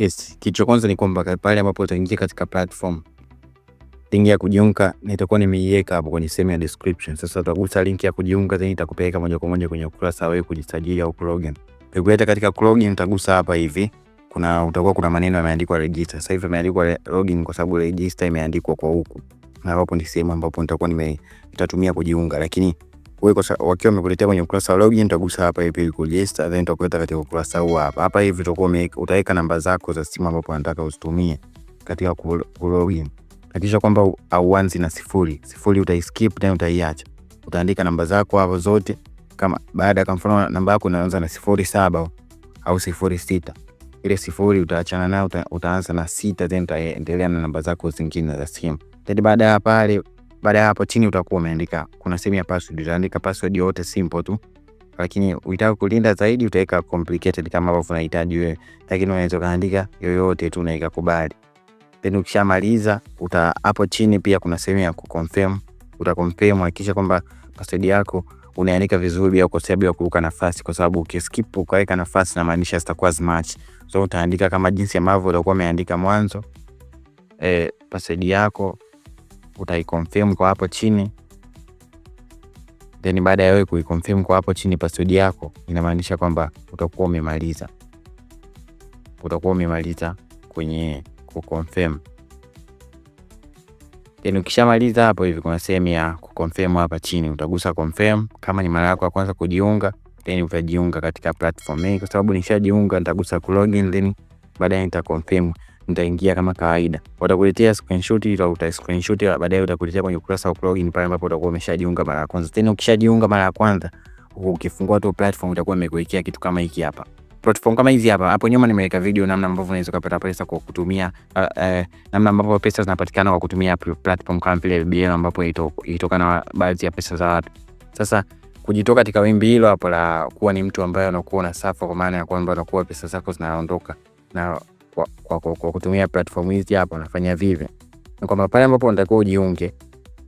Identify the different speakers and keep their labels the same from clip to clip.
Speaker 1: Yes, kitu cha kwanza ni kwamba pale ambapo utaingia katika platform, link ya kujiunga nitakuwa nimeiweka hapo kwenye sehemu ya description. Sasa utagusa link ya kujiunga, then itakupeleka moja kwa moja kwenye ukurasa wewe kujisajili au login. Ukienda katika login utagusa hapa hivi, kuna utakuwa kuna maneno yameandikwa register. Sasa hivi yameandikwa login kwa sababu register imeandikwa kwa huku, na hapo ni sehemu ambapo nitakuwa nitatumia kujiunga lakini wakiwa wamekuletea kwenye ukurasa wa login, utagusa hapa hivi ili kuregister, then katika ukurasa huu hapa. Hapa hivi utakuwa utaweka namba zako za simu ambapo unataka uzitumie katika Hakikisha kwamba na sifuri. Sifuri utaiskip then utaiacha. Utaandika namba zako hapo zote kama baada, kwa mfano namba yako inaanza na sifuri saba au sifuri sita ile sifuri utaachana nayo, utaanza na sita then utaendelea na namba zako zingine za simu. Baada ya pale baada ya hapo chini utakuwa umeandika kuna sehemu ya password, utaandika password yote simple tu, lakini ukitaka kulinda zaidi utaweka complicated kama ambavyo unahitaji wewe, lakini unaweza kaandika yoyote tu na ikakubali. Then ukishamaliza uta hapo chini pia kuna sehemu ya kuconfirm, utaconfirm, hakikisha kwamba password yako unaandika vizuri bila kukosea, bila kuruka nafasi, kwa sababu ukiskip ukaweka nafasi na maanisha zitakuwa zimatch. So utaandika kama jinsi ambavyo utakuwa umeandika mwanzo, eh, password yako utaiconfirm kwa hapo chini, then baada ya wewe kuiconfirm kwa hapo chini password yako, inamaanisha kwamba utakuwa umemaliza utakuwa umemaliza kwenye kuconfirm. Then ukishamaliza hapo hivi, kuna sehemu ya kuconfirm hapa chini, utagusa confirm kama ni mara yako ya kwanza kujiunga, then utajiunga katika platform hii. Kwa sababu nishajiunga, nitagusa kulogin then baadaye nitaconfirm utaingia kama kawaida, watakuletea screenshot, ila uta screenshot ila baadaye utakuletea kwenye ukurasa wa login pale ambapo utakuwa umeshajiunga mara ya kwanza. Tena ukishajiunga mara ya kwanza, ukifungua tu platform itakuwa imekuwekea kitu kama hiki hapa platform kama hizi hapa. Hapo nyuma nimeweka video namna ambavyo unaweza kupata pesa kwa kutumia uh, uh, namna ambavyo pesa zinapatikana kwa kutumia platform kama vile BNB ambapo ilitokana baadhi ya pesa za watu. Sasa kujitoka katika wimbi hilo hapo la kuwa ni mtu ambaye unakuwa safa kwa maana ya kwamba unakuwa pesa zako zinaondoka na kwa, kwa, kwa, kwa kutumia platform hizi hapa nafanya vivyo, Ni kwamba pale ambapo unatakiwa ujiunge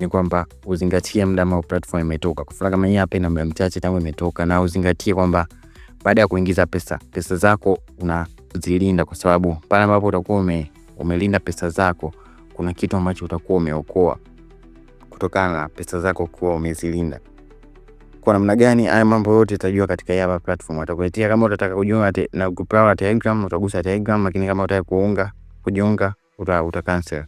Speaker 1: ni kwamba uzingatie muda ambao platform imetoka. Kwa kama hii hapa ina muda mchache tangu imetoka, na uzingatie kwamba baada ya kuingiza pesa, pesa zako unazilinda, kwa sababu pale ambapo utakuwa ume, umelinda pesa zako, kuna kitu ambacho utakuwa umeokoa kutokana na pesa zako kuwa umezilinda kwa namna gani haya mambo yote utajua katika hapa platform watakuletea. Kama utataka kujiunga na group lao la Telegram utagusa Telegram, lakini kama utaka kuunga kujiunga uta, uta cancel.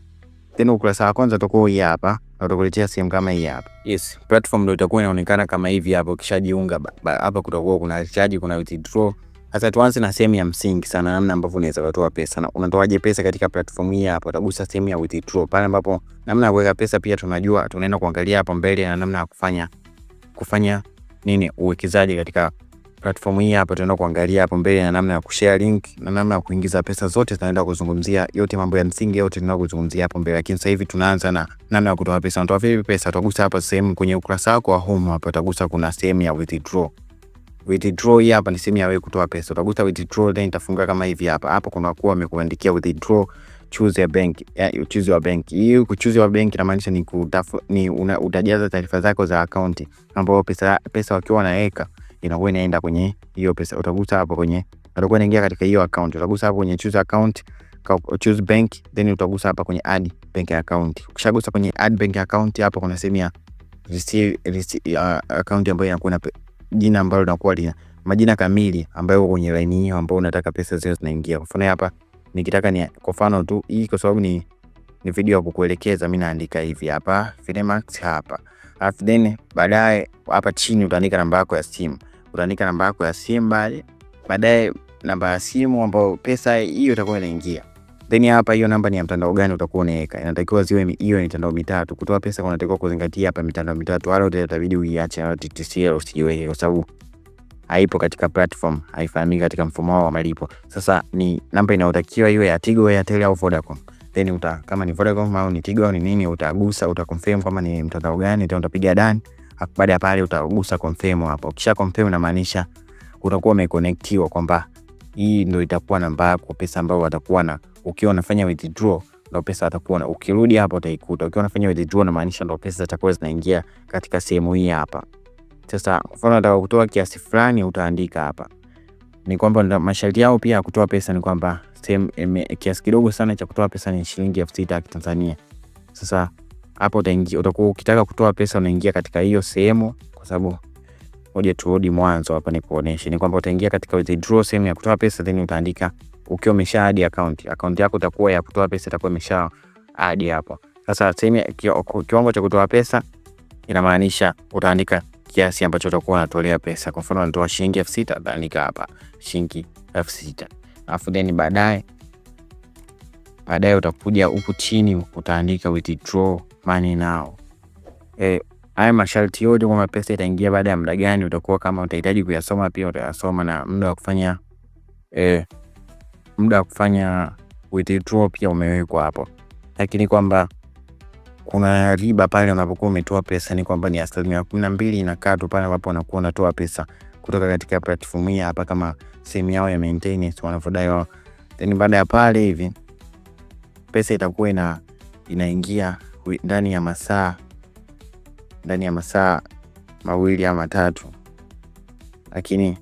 Speaker 1: Then ukurasa wa kwanza utakuwa hii hapa na utakuletea sehemu kama hii hapa. Yes, platform ndio itakuwa inaonekana kama hivi hapo. Ukishajiunga hapa kutakuwa kuna recharge, kuna withdraw. Sasa tuanze na sehemu ya msingi sana, namna ambavyo unaweza kutoa pesa. Na unatoaje pesa katika platform hii hapa? Utagusa sehemu ya withdraw pale ambapo namna ya kuweka pesa pia tunajua, tunaenda kuangalia hapo mbele na namna ya kufanya kufanya nini uwekezaji katika platform hii hapa. Tunaenda kuangalia hapo mbele na namna ya kushare link na namna ya kuingiza pesa, zote tunaenda kuzungumzia yote, mambo ya msingi yote tunaenda kuzungumzia hapo mbele, lakini sasa hivi tunaanza na namna ya kutoa pesa. Unatoa vipi pesa? Utagusa hapa sehemu kwenye ukurasa wako wa home, hapa utagusa kuna sehemu ya withdraw. Withdraw hii hapa ni sehemu ya wewe kutoa pesa, utagusa withdraw, then itafunga kama hivi hapa. Hapo kuna kuwa wamekuandikia withdraw uchuzi wa benki. Uchuzi wa benki hii, uchuzi wa benki inamaanisha ni, ni una, utajaza taarifa zako za akaunti ambayo pesa, pesa wakiwa wanaweka inakuwa inaenda kwenye hiyo pesa. Utagusa hapo kwenye, utakuwa inaingia katika hiyo akaunti. Utagusa hapo kwenye choose account, choose bank, then utagusa hapa kwenye add bank account. Ukishagusa kwenye add bank account, hapo kuna sehemu ya akaunti ambayo inakuwa na jina ambalo linakuwa lina majina kamili ambayo kwenye laini hiyo ambayo unataka pesa zio zinaingia. Kwa mfano hapa nikitaka ni kwa mfano tu hii, kwa sababu ni, ni video ya kukuelekeza. Mimi naandika hivi hapa Finemax hapa, alafu then baadaye hapa chini utaandika namba yako ya simu, utaandika namba yako ya simu, baadaye namba ya simu ambayo pesa hiyo itakuwa inaingia then hapa hiyo namba ni ya mtandao gani utakuwa unaweka, inatakiwa ziwe hiyo ni mitandao mitatu. Kutoa pesa kunatakiwa kuzingatia hapa mitandao mitatu, wala utabidi uiache TTCL usijiweke kwa sababu haipo katika platform, haifahamiki katika mfumo wao wa malipo. Sasa ni namba inayotakiwa iwe ya Tigo, Airtel au Vodacom. Then uta kama ni Vodacom au ni Tigo au ni nini, utagusa utaconfirm kama ni mtandao gani, then utapiga done. Baada ya pale utagusa confirm hapo. Ukisha confirm inamaanisha utakuwa umeconnectiwa kwamba hii ndio itakuwa namba yako, pesa ambayo watakuwa na ukiwa unafanya withdraw ndio pesa atakuwa na, ukirudi hapo utaikuta. Ukiwa unafanya withdraw inamaanisha ndio pesa zitakuwa zinaingia katika sehemu hii hapa. Sasa mfano nataka kutoa kiasi fulani, utaandika hapa. Ni kwamba masharti yao pia ya kutoa pesa ni kwamba kiasi kidogo sana cha kutoa pesa ni shilingi elfu sita ya Kitanzania. Sasa hapo utaingia, utakuwa ukitaka kutoa pesa unaingia katika hiyo sehemu, kwa sababu moja, turudi mwanzo hapa nikuoneshe. Ni kwamba utaingia katika withdraw, sehemu ya kutoa pesa, then utaandika ukiwa umesha hadi account, account yako itakuwa ya kutoa pesa itakuwa imesha hadi hapo. Sasa sehemu kiwango cha kutoa pesa inamaanisha utaandika kiasi ambacho utakuwa unatolea pesa. Kwa mfano natoa shilingi elfu sita nitaandika hapa shilingi elfu sita alafu then baadaye baadaye utakuja huku chini utaandika withdraw money now. Eh, haya masharti yote kwamba pesa itaingia baada ya muda gani, utakuwa kama utahitaji kuyasoma pia utayasoma, na muda wa kufanya eh, muda wa kufanya withdraw pia umewekwa hapo, lakini kwamba kuna riba pale unapokuwa umetoa pesa, ni kwamba ni asilimia kumi na mbili na katu pale ambapo unakuwa unatoa pesa kutoka katika platform hii hapa, kama sehemu yao ya maintenance wanavyodai wao. Then baada ya pale hivi pesa itakuwa ina inaingia ndani ya masaa ndani ya masaa mawili ama matatu, lakini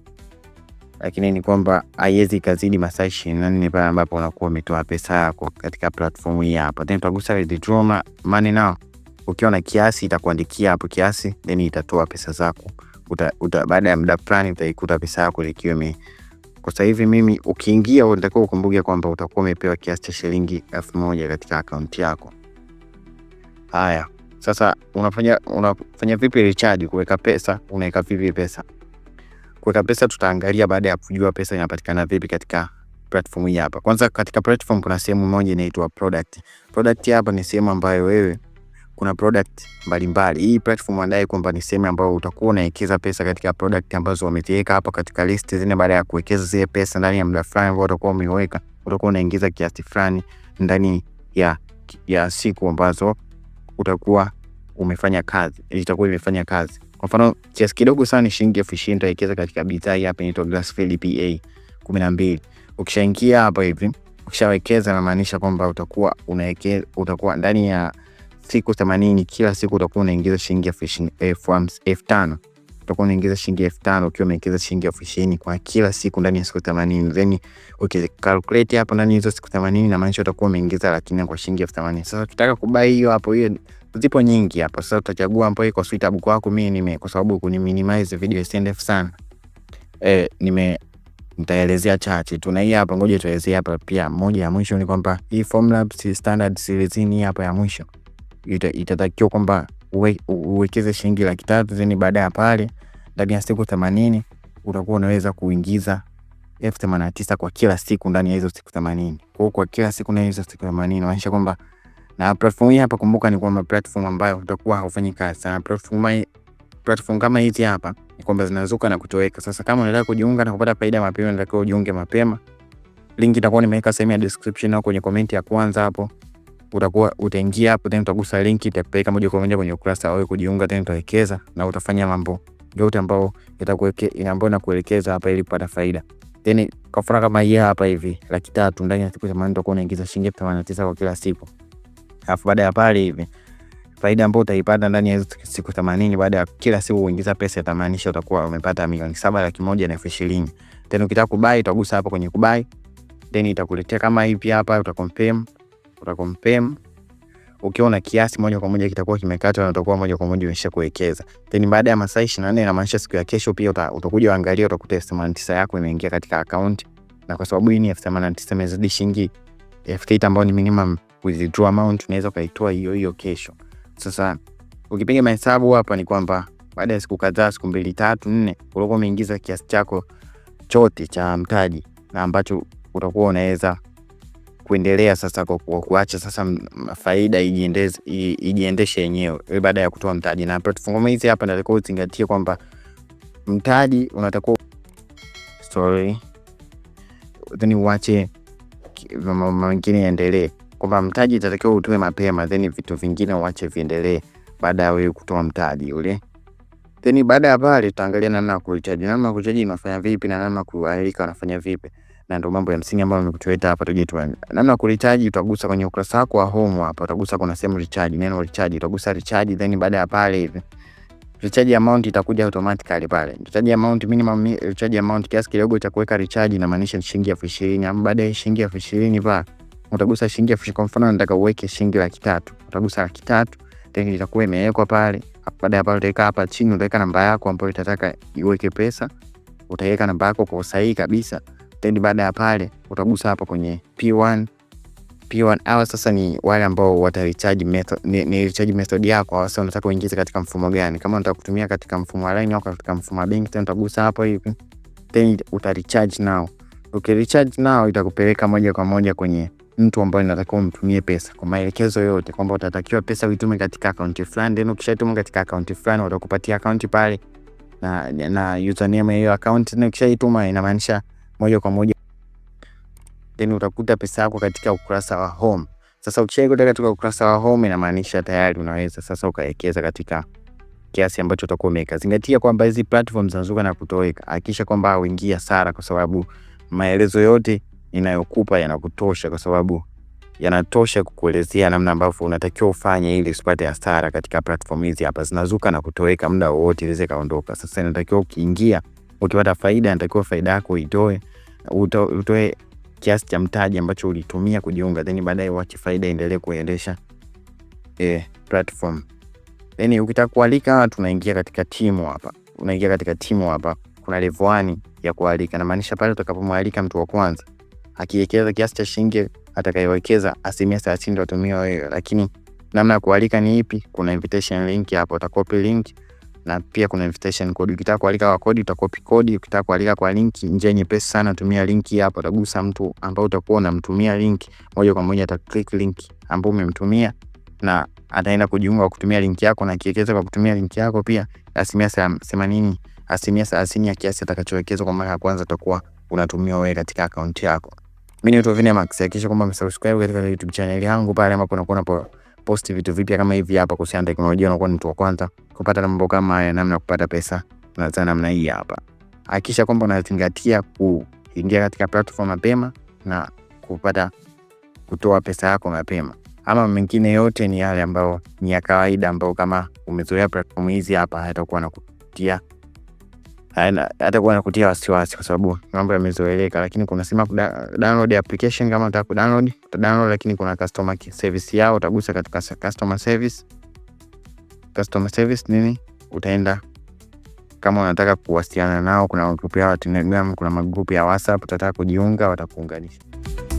Speaker 1: lakini ni kwamba haiwezi ikazidi masaa ishirini na nne pale ambapo unakuwa umetoa pesa yako katika platform hii hapa, then utagusa withdraw money now. Ukiwa na kiasi itakuandikia hapo kiasi, then itatoa pesa zako. Baada ya muda fulani utaikuta pesa yako ikiwa ime kwa sasa hivi mimi ukiingia, unatakiwa ukumbuke kwamba utakuwa umepewa kiasi cha shilingi elfu moja katika akaunti yako. Haya, sasa unafanya unafanya vipi recharge? Kuweka pesa, unaweka vipi pesa? Kuweka pesa tutaangalia baada ya kujua pesa inapatikana vipi katika platform hii hapa. Kwanza katika platform kuna sehemu moja inaitwa product. Product hapa ni sehemu ambayo wewe kuna product mbalimbali. Hii platform wanadai kwamba ni sehemu ambayo utakuwa unawekeza pesa katika product ambazo wameziweka hapa katika list zile. Baada ya kuwekeza zile pesa ndani ya muda fulani ambao utakuwa umeweka, utakuwa unaingiza kiasi fulani ndani ya ya siku ambazo utakuwa umefanya kazi, itakuwa imefanya kazi kwa mfano kiasi kidogo sana ni shilingi elfu ishirini utawekeza katika bidhaa hii hapa inaitwa Grassfield PA kumi na mbili. Ukishaingia hapa hivi, ukishawekeza inamaanisha kwamba utakuwa unawekeza, utakuwa ndani ya siku themanini, kila siku utakuwa unaingiza shilingi elfu tano utakuwa unaingiza shilingi elfu tano ukiwa umewekeza shilingi elfu ishirini kwa kila siku ndani ya siku themanini. Then ukicalculate hapo ndani hizo siku themanini, inamaanisha utakuwa umeingiza laki nne kwa shilingi elfu themanini. Sasa ukitaka kubai hiyo hapo hiyo zipo nyingi hapa. Sasa utachagua ambayo iko suitable kwako. Mimi nime kwa sababu kuni minimize video isiende sana eh, nime nitaelezea chache tu, na hii hapa, ngoja tuelezee hapa pia. Moja ya mwisho ni kwamba hii formula si standard series ni hapa ya mwisho ita, itatakiwa kwamba uwekeze shilingi laki tatu zeni, baada ya pale ndani ya siku themanini utakuwa unaweza kuingiza elfu themanini na tisa kwa kila siku ndani ya hizo siku themanini. Kwa kwa kila siku na hizo siku themanini maanisha kwamba na platform hii hapa, kumbuka ni kwamba platform ambayo utakuwa haufanyi kazi sana. Platform hii, platform kama hizi hapa ni kwamba zinazuka na kutoweka. Sasa kama unataka kujiunga na kupata faida mapema, unataka ujiunge mapema. Link itakuwa nimeweka sehemu ya description au kwenye comment ya kwanza hapo, utakuwa utaingia hapo, then utagusa link, itakupeleka moja kwa moja kwenye ukurasa wao kujiunga, then utawekeza na utafanya mambo yote ambayo itakuwekea ambayo nakuelekeza hapa ili kupata faida. Then kafara kama hii hapa hivi laki tatu ndani ya siku 80 utakuwa unaingiza shilingi 89 kwa kila siku. Alafu baada ya pale hivi faida ambayo utaipata ndani ya siku themanini, baada ya kila siku kuingiza pesa itamaanisha utakuwa umepata milioni saba laki moja na elfu ishirini. Then ukitaka kubai utagusa hapa kwenye kubai, then itakuletea kama hivi hapa, utakompem utakompem Ukiwa na kiasi moja kwa moja kitakuwa kimekatwa na utakuwa moja kwa moja umesha kuwekeza. Then baada ya masaa 24 na nne inamaanisha siku ya kesho pia utakuja uangalia, utakuta elfu themanini na tisa yako imeingia katika akaunti, na kwa sababu hii ni elfu themanini na tisa imezidi shilingi elfu sita ambayo ni minimum withdraw amount unaweza ukaitoa hiyo hiyo kesho. Sasa ukipiga mahesabu hapa ni kwamba baada ya siku kadhaa, siku mbili tatu nne, utakuwa umeingiza kiasi chako chote cha mtaji na ambacho utakuwa unaweza kuendelea sasa kwa kuacha sasa faida ijiendeshe yenyewe e, baada ya kutoa mtaji. Na platform hizi hapa natakiwa uzingatie kwamba mtaji unatakiwa sorry, then uache mengine yaendelee kwamba mtaji itatakiwa utoe mapema, then vitu vingine uache viendelee baada ya wewe kutoa mtaji ule. Then baada ya pale tutaangalia namna ya kuchaji, namna ya kuchaji inafanya vipi na namna kualika wanafanya vipi, na ndio mambo ya msingi ambayo nimekutoa hapa. Tuje tuone namna ya kurecharge. Utagusa kwenye ukurasa wako wa home hapa, utagusa kuna sehemu recharge, neno recharge, utagusa recharge. Then baada ya pale hivi recharge amount itakuja automatically pale. Recharge amount minimum, recharge amount kiasi kidogo cha kuweka recharge, inamaanisha shilingi elfu ishirini ama baada ya shilingi elfu ishirini pale utagusa shilingi elfu. Kwa mfano nataka uweke shilingi laki tatu, utagusa laki tatu then itakuwa imewekwa pale. Baada ya pale utaweka hapa chini, utaweka namba yako ambayo itataka iweke pesa, utaweka namba yako kwa usahihi kabisa. Then baada ya pale utagusa hapa kwenye P1 P1 hawa sasa ni wale ambao wata recharge method, ni, ni recharge method yako. Sasa unataka uingize katika mfumo gani? Kama unataka kutumia katika mfumo wa line au katika mfumo wa bank, then utagusa hapo hivi, then uta recharge now. Ukiricharge now itakupeleka moja kwa moja kwenye mtu ambaye unatakiwa umtumie pesa kwa maelekezo yote, kwamba utatakiwa pesa uitume katika akaunti fulani, then ukishaituma katika akaunti fulani watakupatia akaunti pale na, na username hiyo akaunti, na ukishaituma inamaanisha moja kwa moja, then utakuta pesa yako katika ukurasa wa home. Sasa ukishaikuta katika ukurasa wa home inamaanisha tayari unaweza sasa ukawekeza katika kiasi ambacho utakuwa umeweka. Zingatia kwamba hizi platform zinazuka na kutoweka, hakikisha kwamba uingia sara, kwa sababu maelezo yote ninayokupa yanakutosha, kwa sababu yanatosha kukuelezea namna ambavyo unatakiwa ufanye ili usipate hasara katika platform hizi hapa. Zinazuka na kutoweka muda wowote, iweze kaondoka. Sasa inatakiwa ukiingia, ukipata faida, inatakiwa faida yako uitoe, utoe kiasi cha mtaji ambacho ulitumia kujiunga, then baadaye uache faida endelee kuendesha eh, platform. Then ukitaka kualika, watu, unaingia katika timu hapa, unaingia katika timu hapa, kuna level 1 ya kualika, namaanisha pale utakapomwalika mtu wa kwanza akiwekeza kiasi cha shilingi atakayowekeza asilimia thelathini ndio watumia wewe, lakini namna ya kualika ni ipi? Kuna invitation link hapo, utakopi link na pia kuna invitation code. Ukitaka kualika kwa kodi utakopi kodi, ukitaka kualika kwa link, njia nyepesi sana, tumia link hapo. Utagusa mtu ambao utakuwa unamtumia link, moja kwa moja ataklik link ambayo umemtumia na ataenda kujiunga kwa kutumia link yako, na kiwekeza kwa kutumia link yako pia asilimia themanini asilimia thelathini ya kiasi atakachowekeza kwa mara ya kwanza utakuwa unatumia wewe katika akaunti yako. Mimi naitwa Vinemax, hakikisha kwamba umesubscribe katika YouTube channel yangu pale ambapo unakuwa na post vitu vipya kama hivi hapa kuhusiana na teknolojia, unakuwa ni mtu wa kwanza kupata mambo kama haya, namna ya kupata pesa na za namna hii hapa. Hakikisha kwamba unazingatia kuingia katika platform mapema na kupata kutoa pesa yako mapema. Ama mengine yote ni yale ambayo ni ya kawaida ambayo kama umezoea platform hizi hapa hayatakuwa na kutia kuwa nakutia wasiwasi kwa sababu mambo yamezoeleka, lakini kuna download application kama unataka kudownload lakini kuna customer service yao, utagusa katika customer service. Customer service nini, utaenda kama unataka kuwasiliana nao, kuna magrupu yao ya Telegram, kuna magrupu ya WhatsApp, utataka kujiunga, watakuunganisha.